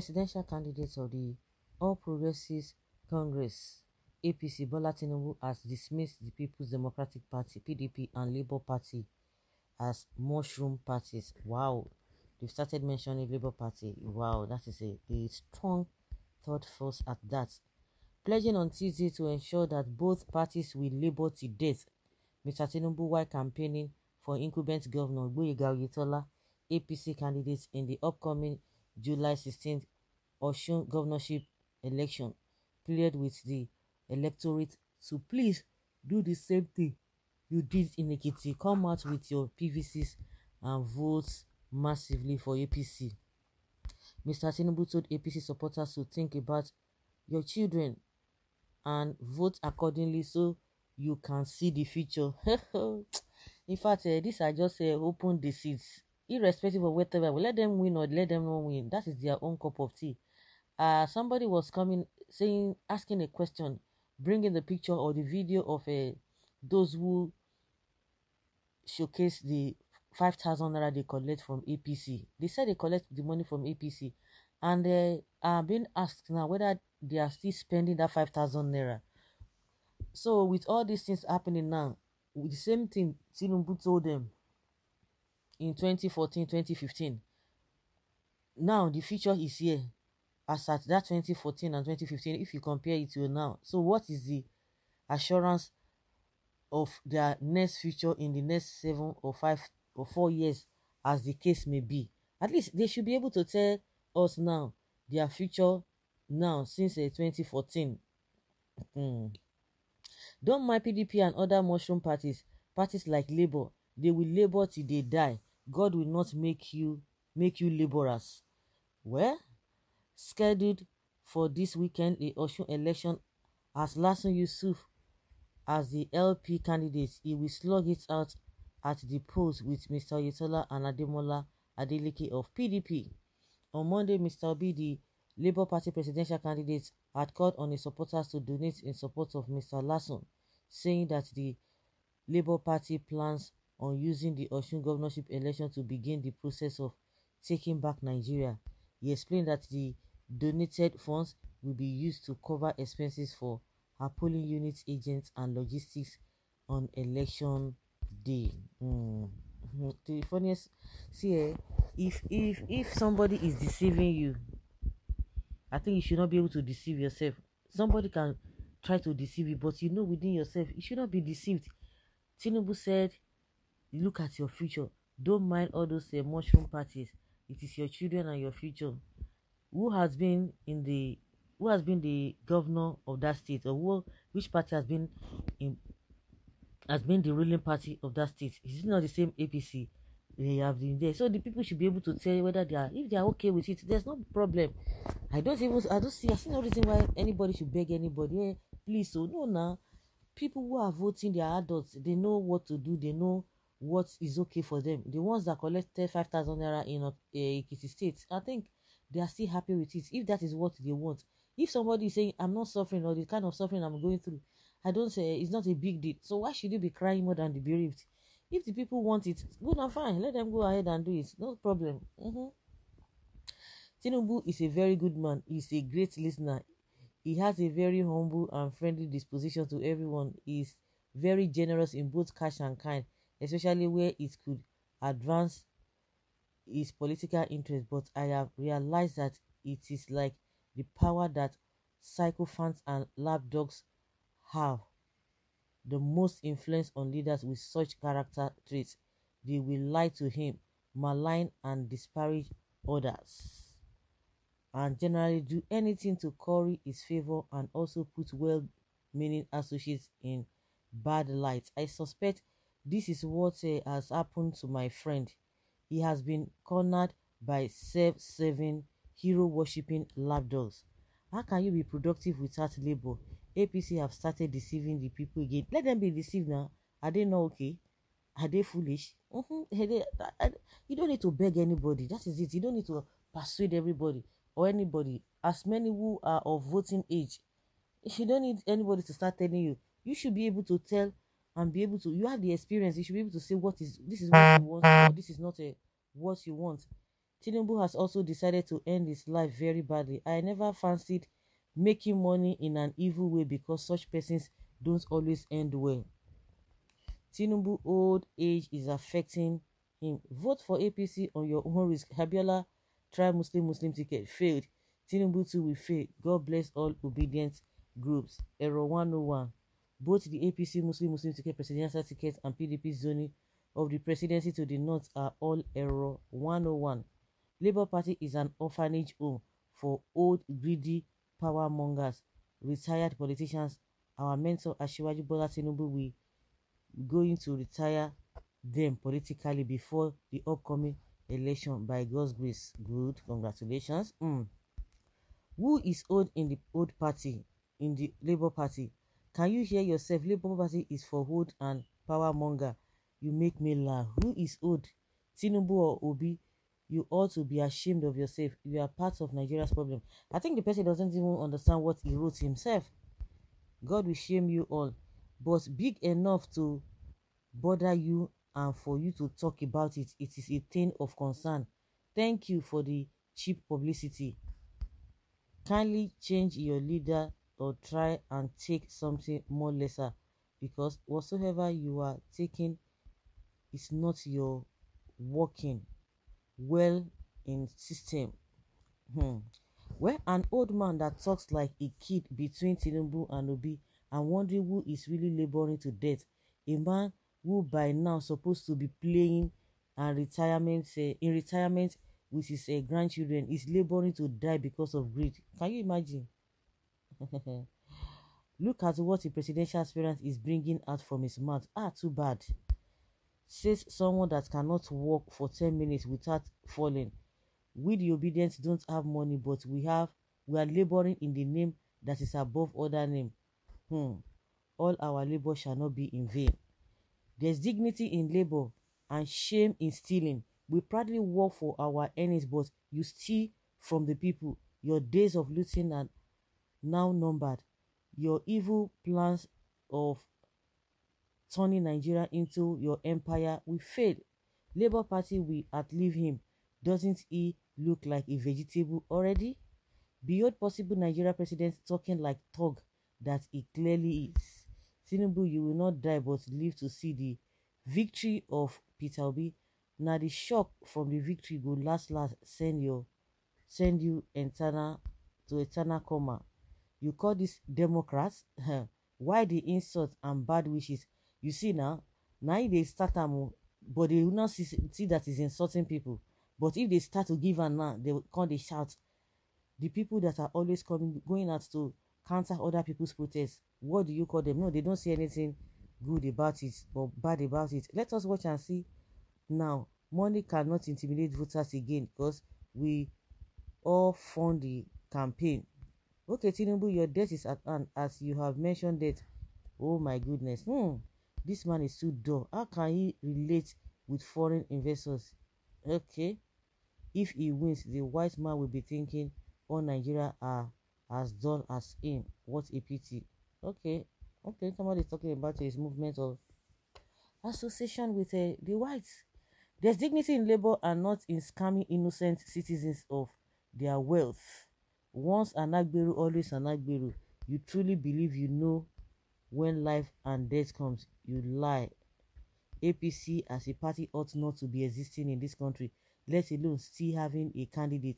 presidential candidate of the All Progressives Congress, APC, Bola Tinubu has dismissed the People's Democratic Party, PDP, and Labour Party as mushroom parties. Wow, they've started mentioning Labour Party. Wow, that is a, a strong thought force at that. Pledging on Tuesday to ensure that both parties will labour to death, Mr. Tinubu, while campaigning for incumbent governor Gboyega Oyetola, APC candidate in the upcoming July sixteenth, th Osun governorship election pleaded with the electorate to please do the same thing you did in Ekiti. Come out with your PVCs and vote massively for APC. Mr. Tinubu told APC supporters to think about your children and vote accordingly so you can see the future. in fact, uh, eh, these are just uh, eh, open the seats. irrespective of whatever, we let them win or let them not win. That is their own cup of tea. Uh, somebody was coming, saying, asking a question, bringing the picture or the video of a uh, those who showcase the five thousand naira they collect from APC. They said they collect the money from APC, and they uh, are being asked now whether they are still spending that five thousand naira. So with all these things happening now, with the same thing Tinubu told them in 2014 2015 now the future is here as at that 2014 and 2015 if you compare it to now so what is the assurance of their next future in the next seven or five or four years as the case may be at least they should be able to tell us now their future now since uh, eh, 2014 hmm. don't mind pdp and other mushroom parties parties like labour they will labour till they die God will not make you make you laborers. Well, scheduled for this weekend, the Osun election as Lasun Yusuf as the LP candidate. He will slug it out at the polls with Mr. Oyetola and Ademola Adeleke of PDP. On Monday, Mr. B, the Labour Party presidential candidate, had called on his supporters to donate in support of Mr. Lasun, saying that the Labour Party plans on using the Osun governorship election to begin the process of taking back Nigeria. He explained that the donated funds will be used to cover expenses for her polling units, agents and logistics on election day. Mm. The funniest, see, eh, if if if somebody is deceiving you, I think you should not be able to deceive yourself. Somebody can try to deceive you, but you know within yourself you should not be deceived. Tinubu said look at your future. Don't mind all those uh, parties. It is your children and your future. Who has been in the who has been the governor of that state or who, which party has been in, has been the ruling party of that state? Is it not the same APC they have been there? So the people should be able to tell whether they are if they are okay with it. There's no problem. I don't even I don't see I see no reason why anybody should beg anybody. Hey, eh, please, so oh, no now. Nah. People who are voting, they are adults. They know what to do. They know what is okay for them. The ones that collected 5,000 naira in uh, Ekiti State, I think they are still happy with it. If that is what they want, if somebody is saying, I'm not suffering or the kind of suffering I'm going through, I don't say it's not a big deal. So why should you be crying more than the bereaved? If the people want it, good and fine. Let them go ahead and do it. No problem. Mm-hmm. Tinubu is a very good man. He's a great listener. He has a very humble and friendly disposition to everyone. He's very generous in both cash and kind. especially where it could advance his political interests, but I have realized that it is like the power that psychophants and lapdogs have the most influence on leaders with such character traits. They will lie to him, malign and disparage others, and generally do anything to curry his favor and also put well meaning associates in bad light. I suspect This is what uh, has happened to my friend. He has been cornered by self-serving, hero-worshipping lapdogs. How can you be productive without labor? APC have started deceiving the people again. Let them be deceived now. Are they not okay? Are they foolish? Mm-hmm. you don't need to beg anybody. That is it. You don't need to persuade everybody or anybody. As many who are of voting age, you don't need anybody to start telling you. You should be able to tell and be able to you have the experience you should be able to say what is this is what you want or this is not a what you want tinubu has also decided to end his life very badly i never fancied making money in an evil way because such persons don't always end well tinubu old age is affecting him vote for apc on your own risk habiola try muslim muslim ticket failed tinubu too will fail god bless all obedient groups error 101 Both the APC Muslim Muslim ticket, presidential ticket, and PDP zoning of the presidency to the north are all error 101. Labour Party is an orphanage home for old, greedy power mongers, retired politicians. Our mentor Ashiwaju Bola Tinubu will going to retire them politically before the upcoming election by God's grace. Good, congratulations. Mm. Who is old in the old party, in the Labour Party? Can you hear yourself? Labour poverty is for old and power monger. You make me laugh. Who is old? Tinubu or Obi? You ought to be ashamed of yourself. You are part of Nigeria's problem. I think the person doesn't even understand what he wrote himself. God will shame you all, but big enough to bother you and for you to talk about it. It is a thing of concern. Thank you for the cheap publicity. Kindly change your leader or try and take something more lesser because whatsoever you are taking is not your working well in system. Hmm. Well, an old man that talks like a kid between Tinubu and Obi and wondering who is really laboring to death, a man who by now supposed to be playing and retirement uh, in retirement with his uh, grandchildren is laboring to die because of greed. Can you imagine? Look at what the presidential aspirant is bringing out from his mouth. Ah, too bad. Says someone that cannot walk for 10 minutes without falling. We, the obedient, don't have money, but we have. We are laboring in the name that is above other name. Hmm. All our labor shall not be in vain. There's dignity in labor and shame in stealing. We proudly work for our earnings, but you steal from the people. Your days of looting and now numbered. Your evil plans of turning Nigeria into your empire will fail. Labour Party will outlive him. Doesn't he look like a vegetable already? Beyond possible Nigeria president talking like thug that he clearly is. Tinubu, you will not die but live to see the victory of Peter Obi. Na the shock from the victory go last last send your send you eternal to eternal coma. You call this Democrats? Why the insults and bad wishes? You see now, now they start am, but they will not see, see that is insulting people. But if they start to give and now, they will come they shout. The people that are always coming going out to counter other people's protests, what do you call them? No, they don't see anything good about it or bad about it. Let us watch and see now. Money cannot intimidate voters again because we all fund the campaign Okay, Tinubu, your death is at hand as you have mentioned it. Oh my goodness. Hmm. This man is too dull. How can he relate with foreign investors? Okay. If he wins, the white man will be thinking all oh, Nigeria are as dull as him. What a pity. Okay. Okay, somebody is talking about his movement of association with uh, the whites. There's dignity in labor and not in scamming innocent citizens of their wealth. Once an Agbero, always an Agbero. You truly believe you know when life and death comes. You lie. APC as a party ought not to be existing in this country, let alone still having a candidate.